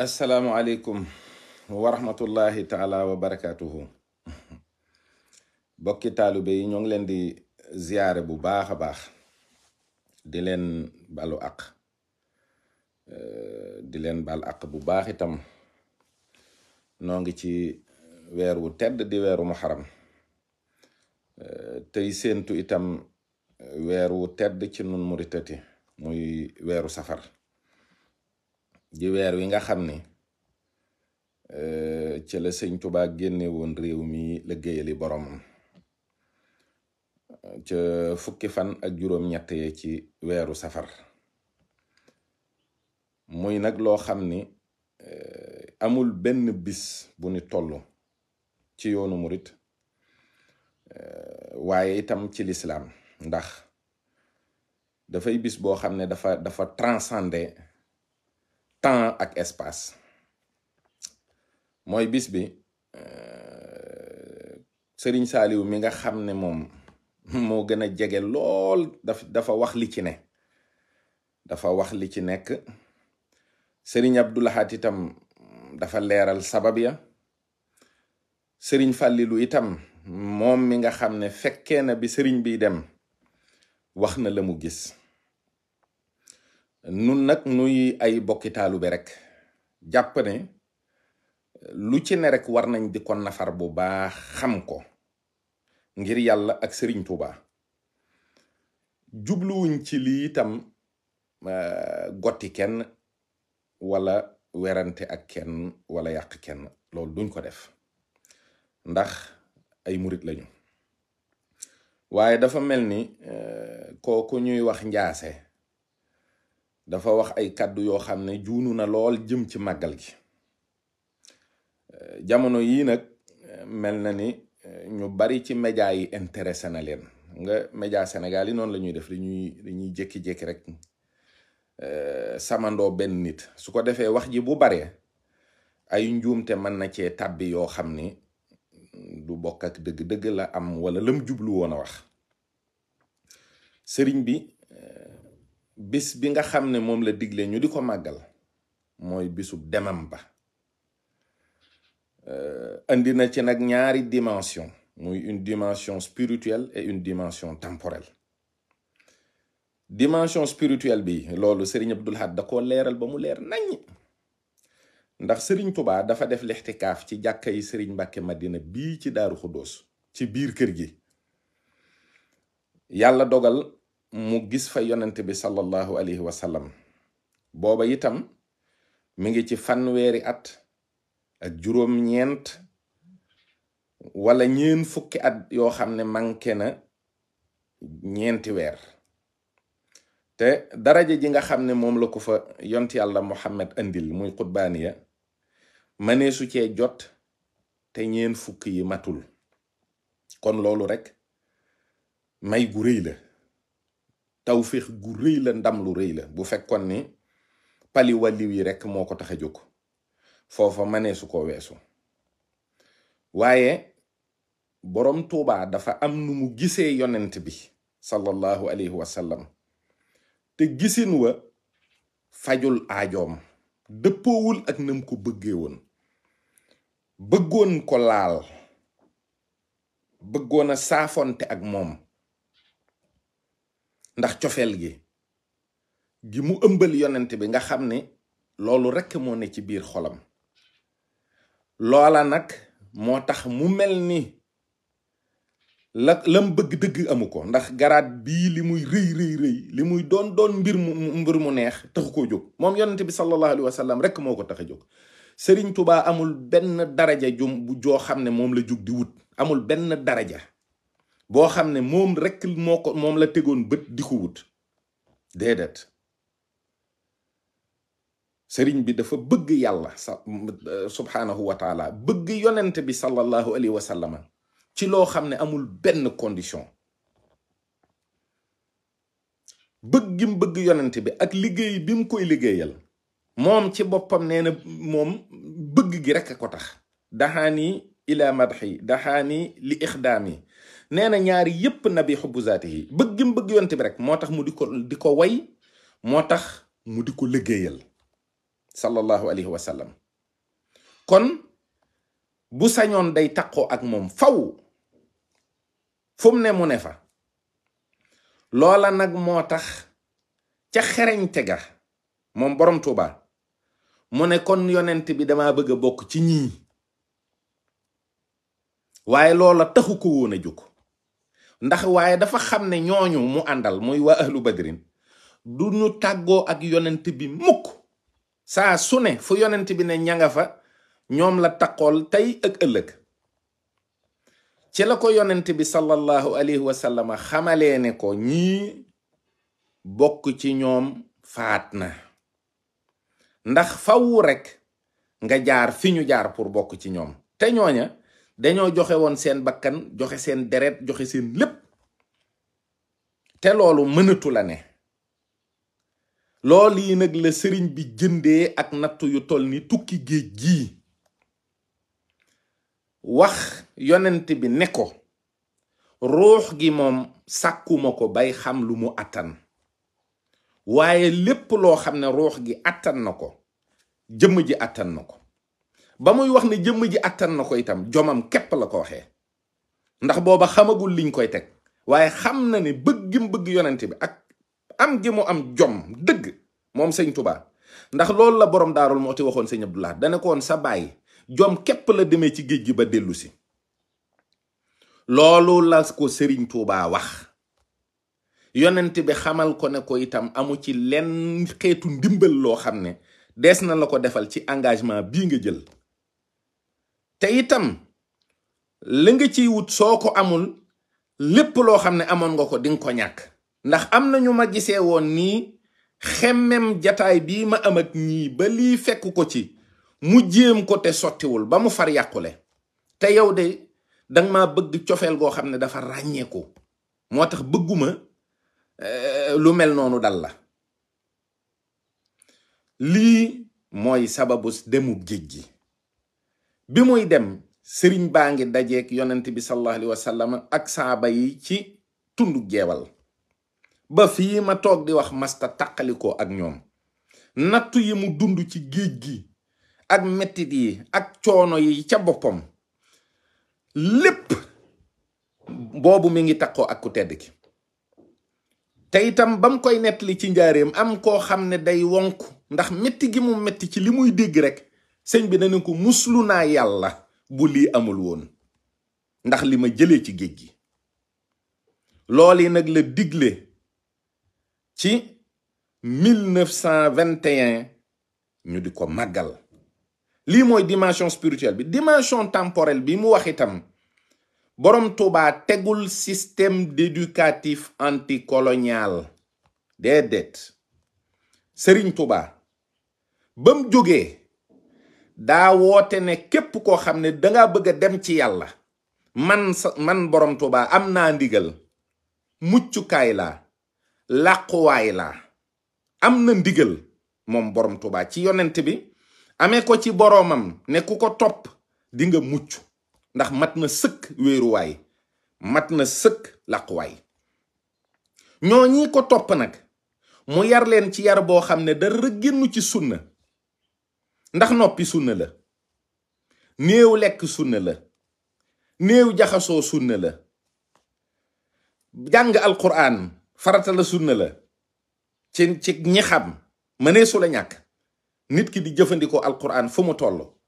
asalaamualeykum wa rahmatullahi taala wa barakatuhu bokki taalibe yi ñoo ngi leen di ziyaare bu baax a baax di leen balu aq di leen bal aq bu baax itam noo ngi ci weer wu tedd di weeru muharam tey séentu itam weer wu tedd ci nun muritati muy weeru safar di weer wi nga xam ne euh, ca la sëñ Tuubaa réew mi liggéeyali boromam ca fukki fan ak juróom-ñett yee ci weeru safar muy nag loo xam ni euh, amul benn bis bu ni toll ci yoonu murit euh, waaye itam ci lislaam ndax dafay bis boo xam ne dafa dafa transcender temps ak espace moy bis bi euh, serigne saliw mi nga xamne mom mo gëna lol dafa wax li ci dafa wax li ci nekk sëriñ abdulahat itam dafa leeral sabab ya serigne fallilu itam mom mi nga xamne ne na bi serigne bi dem waxna lamu gis nun nag nuy ay bokki taalube rek jàpp ne lu ci ne rek war nañ di ko nafar bu baax xam ko ngir yàlla ak sëriñ Tuuba jubluwuñ ci lii itam euh, gotti kenn wala werante ak kenn wala yàq kenn loolu duñ ko def ndax ay murit lañu waaye dafa mel ni euh, kooku ñuy wax njaase dafa wax ay kàddu yoo xam ne juunu na lool jëm ci màggal gi eh, jamono yii nag eh, mel na ni eh, ñu bari ci média yi intéressé na leen nga média Sénégal yi noonu la ñuy def dañuy dañuy jékki-jékki rek samando benn nit su ko defee wax ji bu baree ay njuumte mën na cee tàbbi yoo xam ni du bokk ak dëgg-dëgg la am wala lam jublu woon a wax sëriñ bi bis bi nga xam ne moom la digle ñu di ko màggal mooy bisub demam ba indi euh, na ci nag ñaari dimension muy une dimension spirituelle et une dimension temporelle dimension spirituelle bi loolu Serigne Abdul Ahad da ko leeral ba mu leer naññ ndax Serigne Touba dafa def lixtikaaf ci jàkka yi sëriñ Mbàkke Madina bii ci Daaru Xuddoos ci biir kër gi yàlla dogal mu gis fa yonent bi sallallahu alayhi wa sallam booba itam mi ngi ci fanweeri at ak juróom-ñeent wala ñeen fukki at yoo xam ne manqué na ñeenti weer te daraja ji nga xam ne moom la ko fa yont yàlla Muhammad andil muy xutbaaniya mënee su cee jot te ñeen fukk yi matul kon loolu rek may gu rëy tawféex gu rëy la ndam lu rëy bu fekkoon ni pali wàlliw yi rekk moo ko tax a jóg foofa maneesu ko weesu waaye boroom tuubaa dafa am nu mu gisee yonent bi sallallahu alayhi wa te gisin wa fajul aajoom dëppoowul ak nam ko bëggee woon bëggoon ko laal bëggoon a saafonte ak moom ndax cofeel gi gi mu ëmbal yonent bi nga xam ne loolu rekk moo ne ci biir xolam loola nak moo tax mu melni ni lam bëgg dëgg amuko ndax garat bi li muy reuy reuy rëy li muy doon doon mbir mu mbir mu neex tax ko jóg mom yonent bi sallallahu alaihi wasallam rek moko tax serigne touba amul ben daraja jum bu jo xam mom la di wut amul ben daraja bo xamne mom rek moko mom la tegon beut di ko wut dedet serigne bi dafa beug yàlla subhanahu wa taala beug yonent bi sallallahu alayhi wa sallama ci lo xamne amul ben condition bëggim beug yonent bi ak liggéey bi mu koy liggéeyal mom ci bopam neena mom beug gi rek ko tax dahani ila madhi dahani li ikhdami nee na ñaari yëpp nabi xubbu zaatihi bëggim bëgg yonte bi rek moo tax mu di ko di ko way moo tax mu di ko liggéeyal sallallahu alayhi wa sallam kon bu sañoon day taqoo ak moom faw fu ne mu ne fa loola nag moo tax ca xereñte ga moom boroom Tuuba mu ne kon yonent bi dama bëgg a bokk ci ñii waaye loola taxu ko woon a jóg ndax waye dafa xamne ñooñu mu àndal muy wa ahlu badrin du ñu taggo ak yonent bi mukk sa suné fu yonent bi ne ñanga fa ñom la takol tay ak ëlëk ci la ko yonent bi sallallahu alayhi wa sallam xamalé ne ko ñi bok ci ñom fatna ndax faw rek nga jaar fiñu jaar pour bok ci ñom te ñoña dañoo joxewoon seen bakkan joxe seen deret joxe seen lépp te loolu mënatu la ne lool yi nag la sëriñ bi jëndee ak nattu yu toll ni tukki géej gii wax yonent bi ne ko ruux gi moom sàkkuma ko bay xam lu mu àttan waaye lépp loo xam ne ruux gi àttan na ko jëmm ji àttan na ko ba muy wax ne jëmm ji attan na ko itam jomam képp la ko waxee ndax booba xamagul liñ koy teg waaye xam na ne bëgg bëgg yonent bi ak am gi mu am jom dëgg moom sëñ tubaa ndax loolu la borom daarul moo ti waxoon sëñ Abdulaat dana ko woon sa bàyyi jom képp la demee ci géej gi ba dellusi si loolu la ko sëriñ tuubaa wax yonent bi xamal ko ne ko itam amu ci lenn xeetu ndimbal loo xam ne des na la ko defal ci engagement bii nga jël te itam li nga ciy wut soo ko amul lépp loo xam ne amoon nga ko di ko ñàkk ndax am na ñu ma gisee woon nii xemmem jataay bii ma amag ak ñii ba lii fekk ko ci mu jéem ko te sottiwul ba mu far yàqule te yow de danga ma bëgg cofeel goo xam ne dafa ràññeeku moo tax bëgguma eh, lu mel noonu dal la lii mooy sababu demub géej gi bi muy dem sëriñ baa ngi dajeek yonent bi sallallahu alayhi wa ak saaba yi ci tundu jeewal ba fii ma toog di wax masta taqalikoo ak ñoom nattu yi mu dund ci géej gi ak mettit yi ak coono yi ca boppam lépp boobu mu ngi takkoo ak ku tedd ki te itam ba mu koy nettali ci njaareem am koo xam ne day wonk ndax metti gi mu metti ci li muy dégg rek sëñ bi dana ko muslu naa yàlla bu lii amul woon ndax li ma jëlee ci géej gi lool nag la digle ci 1921 ñu di ko màggal lii mooy dimension spirituelle bi dimension temporelle bi mu wax itam boroom Tuubaa tegul système d'éducatif anticolonial déedéet Sëriñ Tuubaa bam jógee daa woote ne képp koo xam ne danga bëgg a dem ci yàlla man sa man borom Tuubaa am naa ndigal muccukaay laa làquwaay laa am na ndigal moom boroom Tuubaa ci yonent bi amee ko ci boroomam ne ku ko topp dinga mucc ndax mat na sëkk wéeruwaay mat na sëkk làquwaay ñoo ñi ko topp nag mu yar leen ci yar boo xam ne dara génnu ci sunna ndax noppi sunna la néew lekk sunna la néew jaxasoo sunna la jàng alquran faratala la la ci ci ñi xam mënee su ñàkk nit ki di jëfandikoo alquran fu mu toll